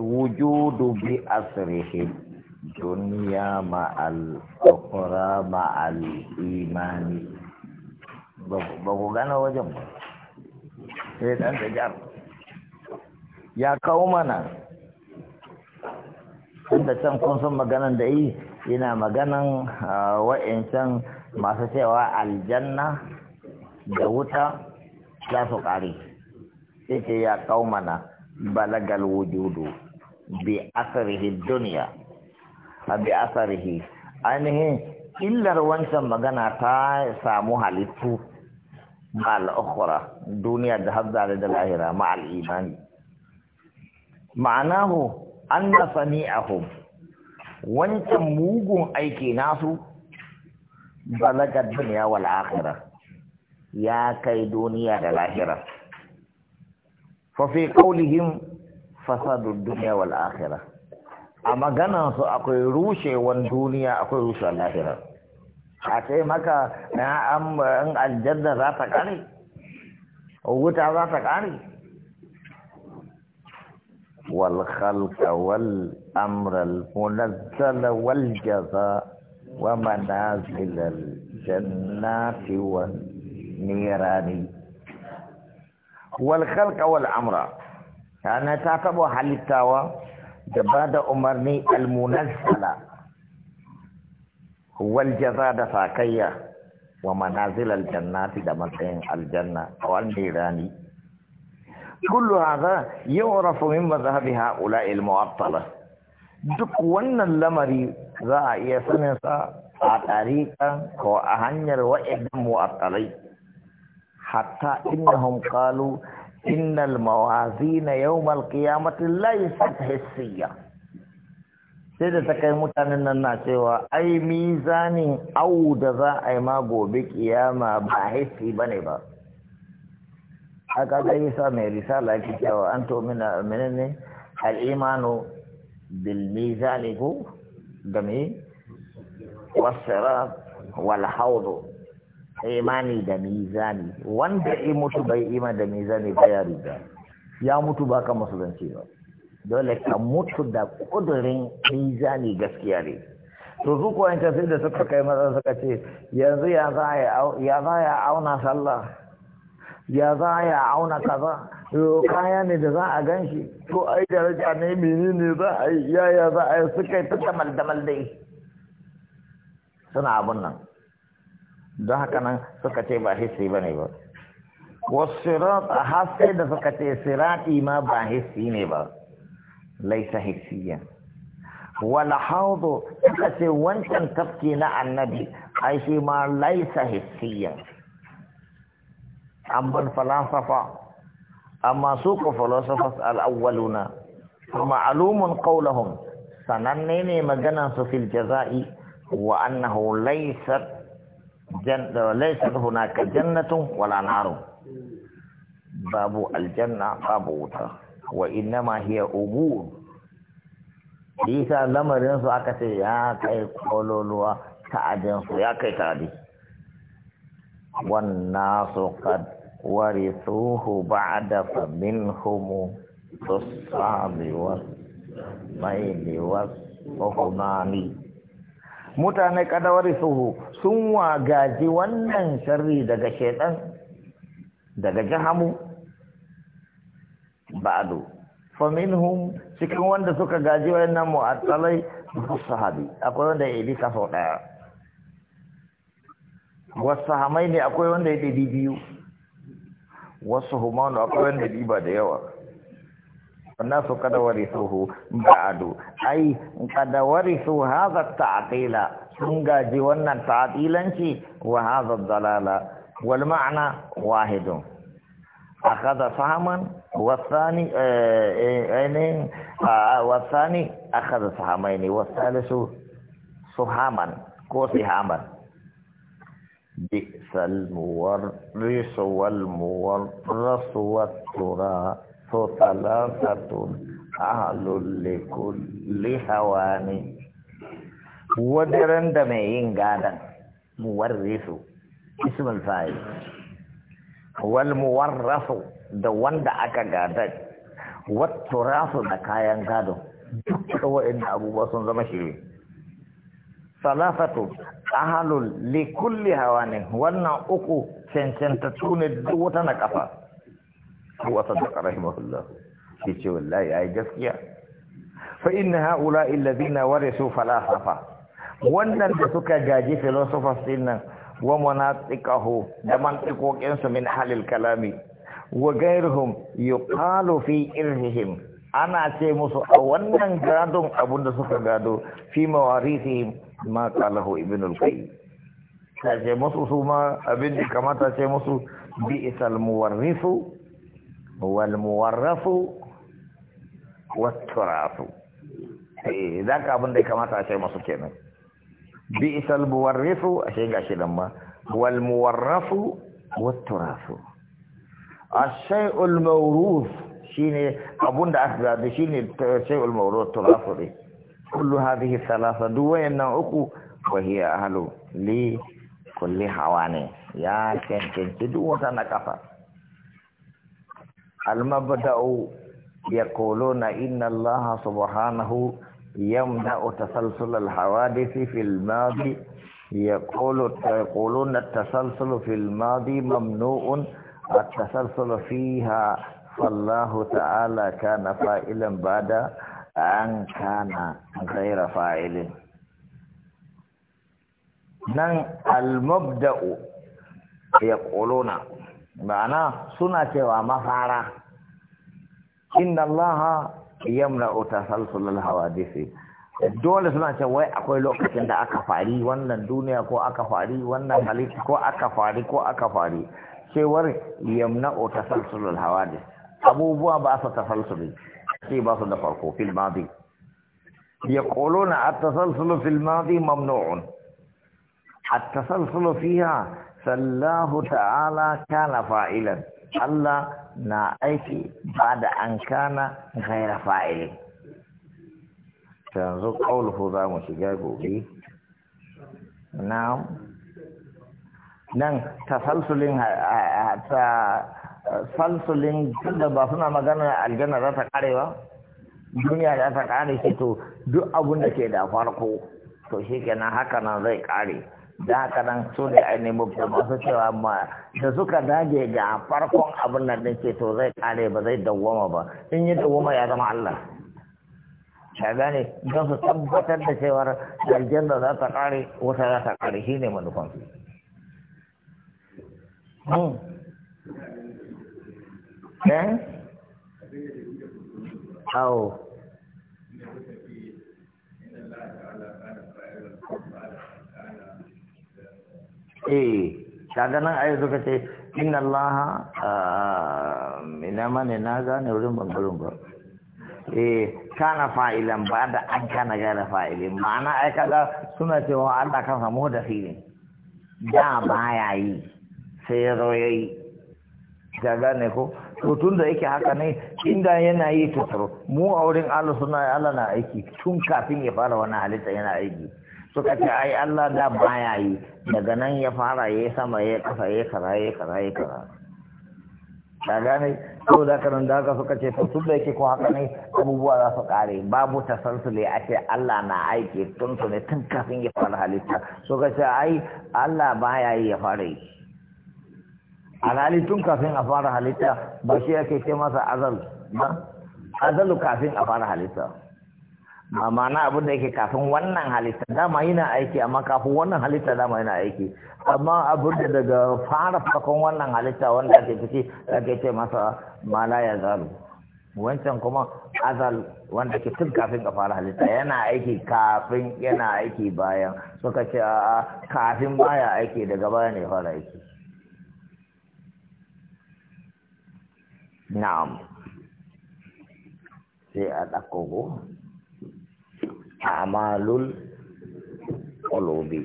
الوجود بأسره دنيا مع الأخرى مع الإيمان بغغانا وجنب سيد أنت جار يا قومنا tunda can kun san maganan Ina yi Wa maganan wa'incan masu cewa aljanna da wuta za su ƙare sai ce ya kaumana balagal wujudu بأثره الدنيا بأثره ainihin illar wancan magana ta samu halittu ma'al ukhra duniya da hazzare da lahira ma'al imani ma'anahu anna sami'ahum wancan mugun aiki nasu balaga duniya wal akhirah ya kai duniya da lahira fa fi qawlihim فساد الدنيا والآخرة أما جنا أكو يروش والدنيا أكو يروش والآخرة أكيد ما كا أم أن الجنة راتك علي أو غتا راتك علي والخلق والأمر المنزل والجزاء ومنازل الجنات والنيران والخلق والأمر rana ta taɓa halittawa da ba da umarni almunazzala wal jaza da sakayya wa manazil aljannati da matsayin aljanna a wannan rani kullu hadha yu'rafu min madhhabi ha'ula'i al-mu'attala duk wannan lamari za a iya sanin sa a tariqa ko a hanyar wa'idin mu'attalai hatta innahum qalu إن الموازين يوم القيامة ليست حسية سيدة تكيمتان إن الناس هو أي ميزان أو دذا أي ما بك يا ما باحثي بنبا حقا جيسا من رسالة كي أنتو من منني الإيمان بالميزان دمي والصراط والحوض imani da mizani wanda in mutu bai imani da mizani ba ya riga ya mutu ba ka musulunci ba dole ka mutu da kudurin mizani gaskiya ne to zu ko yanka sai da suka kai maza suka ce yanzu ya za ya auna sallah ya za ya auna kaza kaya ne da za a gan shi to ai daraja ne menene za a yi yaya za a yi suka yi ta damal damal dai suna abun nan don haka nan suka ce ba hissi ba ne ba wasirat a haske da suka ce sirati ma ba hissi ne ba laisa hissiyan wala haudu suka ce wancan tafki na annabi ai shi ma laisa hissiyan an ban falasafa amma su ku falasafas al'awwaluna ma'alumun qaulahum sananne ne maganansu fil jaza'i wa annahu laysat laisar ka jannatun wala naro babu aljanna babu wuta wa ma hiya ubu? isa lamarin su aka ce ya kai kololuwa ta'adin su ya kai ta'adi wannan su kad warithuhu ba'da homo minhum mai wa mai wa ni. mutane kadawari suhu sun wagaji wannan sharri daga shaidan daga jahamu ba'du faminhum cikin wanda suka gaji wayannan mu'attalai sahabi akwai wanda ya yi kaso daya wasu hamai ne akwai wanda ya yi biyu wasu humanu akwai wanda ya yi ba da yawa الناس قد ورثوه بعد أي قد ورثوا هذا التعطيل سنجا جوانا تعطيلا وهذا الضلال والمعنى واحد أخذ سهما والثاني آه آه, آه،, نعم. آه، والثاني أخذ سهمين والثالث سهما كو سهما بئس المورث والمورث والتراث so talatatun ahalul likulli hawani wadiran da mai yin gadan muwarrisu ismul fa'il wal muwarrasu da wanda aka gadar watto rasu da kayan gado duka wa'in abubuwa sun zama shiri salafatu ahalul likulli hawani wannan uku cancanta tune duk wata na kafa هو صدق رحمه الله في شو الله يا جسيا فإن هؤلاء الذين ورثوا فلاسفة wannan da suka gaji philosophers din nan wa munatiqahu da mantiqokin su min halil kalami wa ghayruhum yuqalu fi irhihim ana ce musu a wannan gadon abunda suka gado fi mawarithihim ma qalahu ibn al-qayyim ta ce musu su ma abin da kamata ce musu bi isal muwarrisu هو المورث والتراث إيه، ذاك أبن دي كماتا أشياء ما سكينا بئس المورف أشياء أشياء لما هو المورف والتراث الشيء الموروث شيني أبن دي أخذ شيني الشيء الموروث التراث دي كل هذه الثلاثة دوين أقو وهي أهل لي كل حواني يا كن كن كدو وتنكفر almabda'u yaquluna inna Allah subhanahu yamna'u tasalsul alhawadith fil madi yaqulu yaquluna at-tasalsul fil madi mamnu'un at-tasalsul fiha فالله تعالى كان فاعلا بعد أن كان غير فاعل نن ya يقولون ma'ana suna cewa mafara inna allaha yamna tasalsul hawadisi. dole suna cewa wai akwai lokacin da aka fari wannan duniya ko aka fari wannan halitta ko aka fari ko aka fari cewar yamna tasalsul alhawadis abubuwa ba su tasalsuli sai ba su da farko fil madi yaquluna at-tasalsulu fil madi mamnu'un at-tasalsulu fiha sallahu ta'ala kana fa'ilan Allah na aiki ba da an kana gaira fa'ilin Tanzu ƙauluhu za mu shiga gobe na nan salsulin ta salsulin da ba suna magana aljanna za ta karewa? duniya za ta kare shi to duk abun da ke da farko to shi kenan haka nan zai kare da haka nan su ne ainihin mubta masu cewa ma da suka dage ga farkon abin nan din ce to zai kare ba zai dawwama ba in yi dawwama ya zama Allah ka gane don su tabbatar da cewar da za ta kare wata za ta kare shine manufan hmm. eh? eh kaga nan ayi suka ce inna Allah ah, ina mane na gane wurin bangaren ba eh kana fa'ilan ba da an kana gara fa'ili ma'ana ai kaga suna cewa Allah kan samu da filin da baya yi sai ya zo yayi ka gane ko to tun da yake haka ne inda yana yi tuturo mu a wurin Allah suna Allah na aiki tun kafin ya fara wani halitta yana aiki suka ce ai Allah da baya yi daga nan ya fara ya sama ya kasa ya kara ya kara ya kara ka gane ko da kanan da haka suka ce to tun da yake ko haka ne abubuwa za su kare babu tasalsule a ce Allah na aiki tun su ne tun kafin ya fara halitta suka ce ai Allah baya yi ya fara yi alhali tun kafin a fara halitta ba shi yake ce masa azal ba azalu kafin a fara halitta amma na abin da yake kafin wannan halitta dama yana aiki amma kafin wannan halitta dama yana aiki amma abin da daga fara farkon wannan halitta wanda ake fice ake ce masa mala ya zalu wancan kuma azal wanda ke tun kafin ka fara halitta yana aiki kafin yana aiki bayan suka ce a kafin baya aiki daga bayan ya fara aiki na'am sai a ɗakko a'malul qulubi